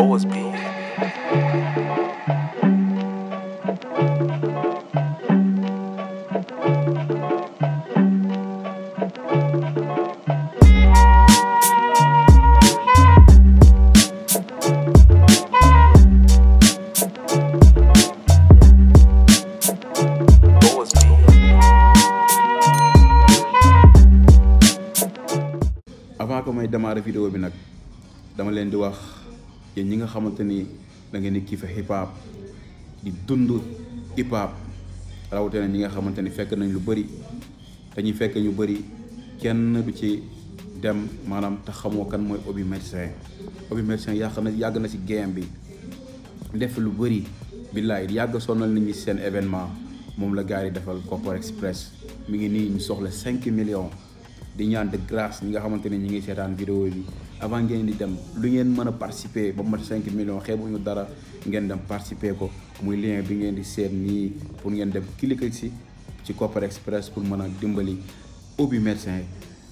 doors be. avant que may démarrer vidéo bi dama yéen ñi nga xamanteni da ngeen di kifa hip hop di dund hip hop rawatina ñi nga xamanteni fekk nañ lu bari dañuy fekk ñu bari kenn du ci dem manam ta xamoo kan mooy Obi Médecin Obi Médecin yàq na yàgg na si game bi def lu bari billahi yàgg sonal nit ñi seen événement moom la gars yi defal Kopar Express mi ngi nii ñu soxla 5 millions di ñaan de grâce ñi nga xamante ni ñi ngi seetaan vidéo bi avant ngeen di dem lu ngeen mën a participer ba mat 5 millions ñu dara ngeen dem participer ko muy lien bi ngeen di seet nii pour ngeen dem cliquer si ci Kopar Express pour mën a dimbali ubbi médecin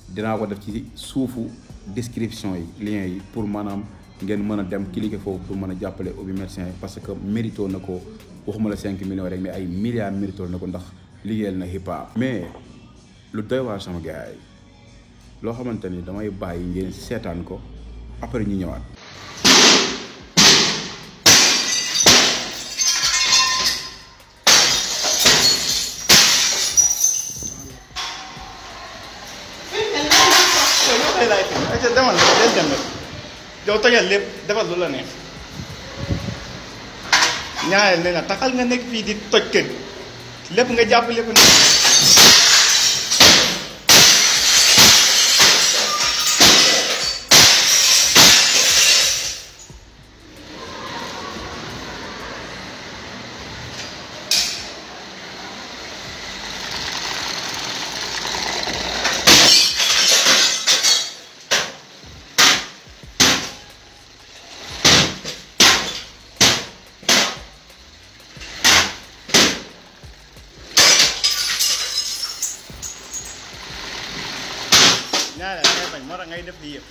dinaa ko def ci suufu description yi lien yi pour maanaam ngeen mën a dem cliquer foofu pour mën a jàppale ubbi médecin parce que mérito na ko waxuma la 5 millions rek mais ay milliards mérito na ko ndax liggéeyal na hip hop mais lu doy waar loo xamante ni damay bàyyi ngeen seetaan ko après ñu ñëwaat. yow tojal lépp defal lu la neex ñaareel ne taxal nga nekk fii di toj kër lépp nga jàpp lépp ne ngay def di yëpp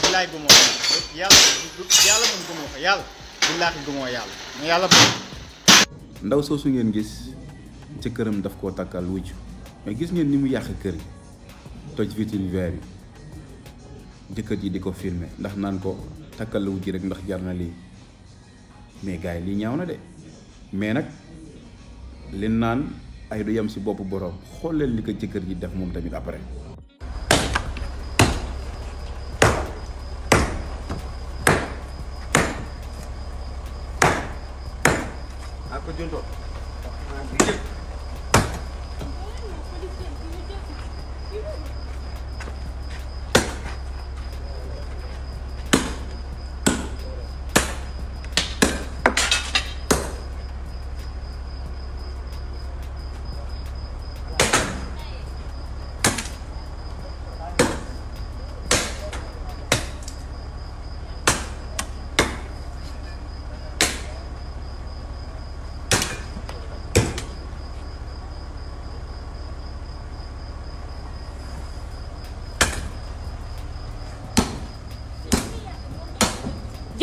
billahi gumo yalla yalla mo gumo ko yàlla billaahi gumoo yàlla yalla ndaw soosu ngeen gis ci kërëm daf ko takal wujj mais gis ngeen ni mu yàq kër yi toj vitine verre yi jëkkër ji di ko filmer ndax naan ko takal la rek ndax jar na lii mais gaay lii ñaaw na de mais nag li naan ay du yam si bopp borom xooleel li ko jëkkër ji def moom tamit après Aku juntuk.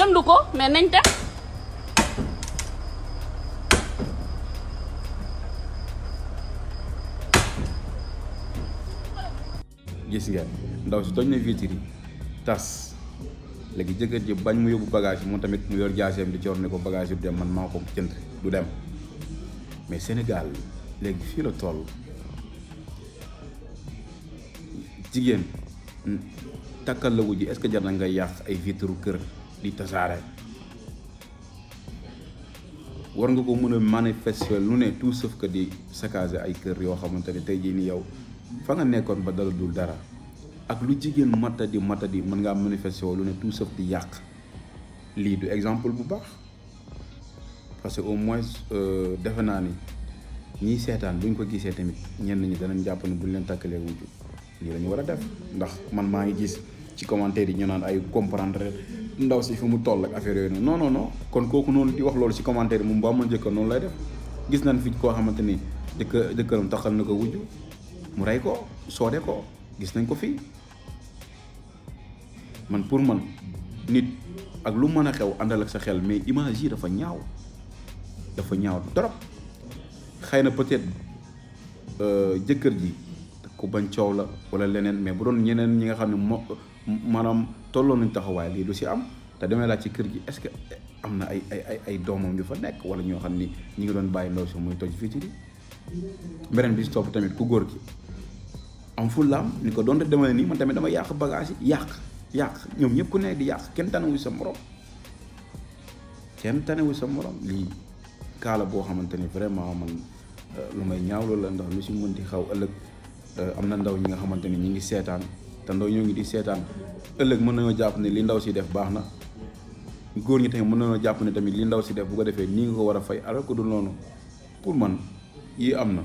jënd ko mais nañ dem ndaw si toj na vitre yi tas léegi jëkkër ji bañ mu yóbbu bagage yi moom tamit mu yor jaaseem di coor ne ko bagage yu dem man maa ko jënd du dem mais Sénégal léegi fii la toll jigéen takkal lagu ji est-ce que jar na nga yàq ay vitre kër di tasaare war nga ko mën a manifester lu ne tout sauf que di saccager ay kër yoo xamante ne tey jii nii yow fa nga nekkoon ba dala dul dara ak lu jigéen mata di mata di mën ngaa manifester lu ne tout sauf di yàq lii du exemple bu baax parce que au moins euh, defe naa ni ñii seetaan buñ ko gisee tamit ñenn ñi danañ jàpp ne buñ leen takkalee wujju lii la ñu war a def ndax man maa ngi gis ci commentaire yi ñu naan ay comprendre ndaw si fi mu toll ak affaire yooyu non non non kon kooku noonu di wax loolu si commentaire moom ba ma jëkkër noonu lay def gis nañ fi koo xamante ni jëkk taxal na ko wujj mu rey ko soode ko gis nañ ko fii man pour man nit ak lu mën a xew àndal ak sa xel mais image yi dafa ñaaw dafa ñaaw trop xëy na peut-être euh, jëkkër ji ku bañ coow la wala leneen mais bu doon ñeneen ñi nga xam ne moo maanaam tolloo nañ taxawaay lii lu si am te demee laa ci kër gi est-ce que am na ay ay ay doomam yu fa nekk wala ñoo xam ni ñu ngi doon bàyyi ndaw si muy toj fii ci di beneen bi si tamit ku góor gi am fullaam ni ko doon te demale nii man tamit dama yàq bagage yi yàq yàq ñoom ñëpp ku nekk di yàq kenn tanewu sa morom kenn tanewu sa morom lii kaala boo xamante ni vraiment man euh, lu may ñaawloo la ndax lu si mën di xaw ëllëg Euh, am na ndaw ñi nga xamante ni ñi ngi seetaan te ndaw ñoo ngi di seetaan ëllëg mën nañoo jàpp ne li ndaw si def baax na góor ñi tamit mën nañoo jàpp ne tamit li ndaw si def bu ko defee nii nga ko war a fay alors que du noonu pour man yii am na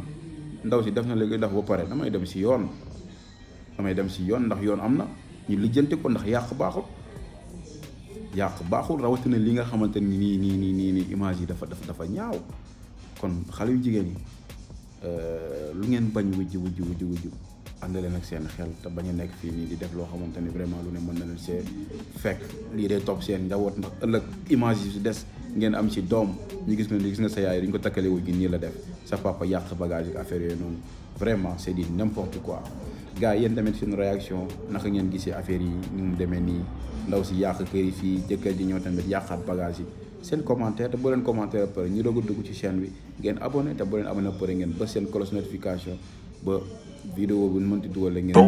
ndaw si def na léegi ndax ba pare damay dem si yoon damay dem si yoon ndax yoon am na ñu lijjanti ko ndax yàq baaxul yàq baaxul rawatina li nga xamante ni nii nii nii nii image yi dafa dafa dafa ñaaw kon xale yu jigéen yi Euh, lu ngeen bañ wujj wujj wujj wujj ànd leen ak seen xel te bañ a nekk fii nii di def loo xamante ni vraiment lu ne mën na leen see fekk lii de topp seen njaboot ndax ëllëg image yi si des ngeen am si doom ñu gis ne gis nga sa yaay duñ ko takkale wuj gi nii la def sa papa yàq bagage ak affaire yooyu noonu vraiment c'est di n'importe quoi gars yéen tamit seen réaction naka ngeen gisee affaire yi ñu mu demee nii ndaw si yàq kër yi fii jëkkër ji ñëw tamit yàqaat yi seen commentaire te boo leen commentaire pare ñu doog a dugg ci chaîne bi ngeen abonné te boo leen abonné pare ngeen bës seen cloche notification ba vidéo bu ñu mënti dugal ngeen.